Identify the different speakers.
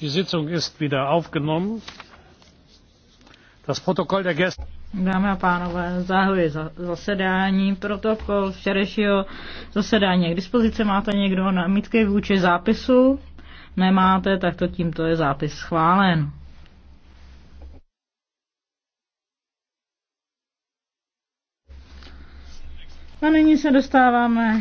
Speaker 1: die sitzung ist wieder aufgenommen. das protokoll der
Speaker 2: Dámy a pánové, zahajuji zasedání, protokol včerejšího zasedání. K dispozici máte někdo námitky vůči zápisu? Nemáte, tak to tímto je zápis schválen.
Speaker 3: A nyní se dostáváme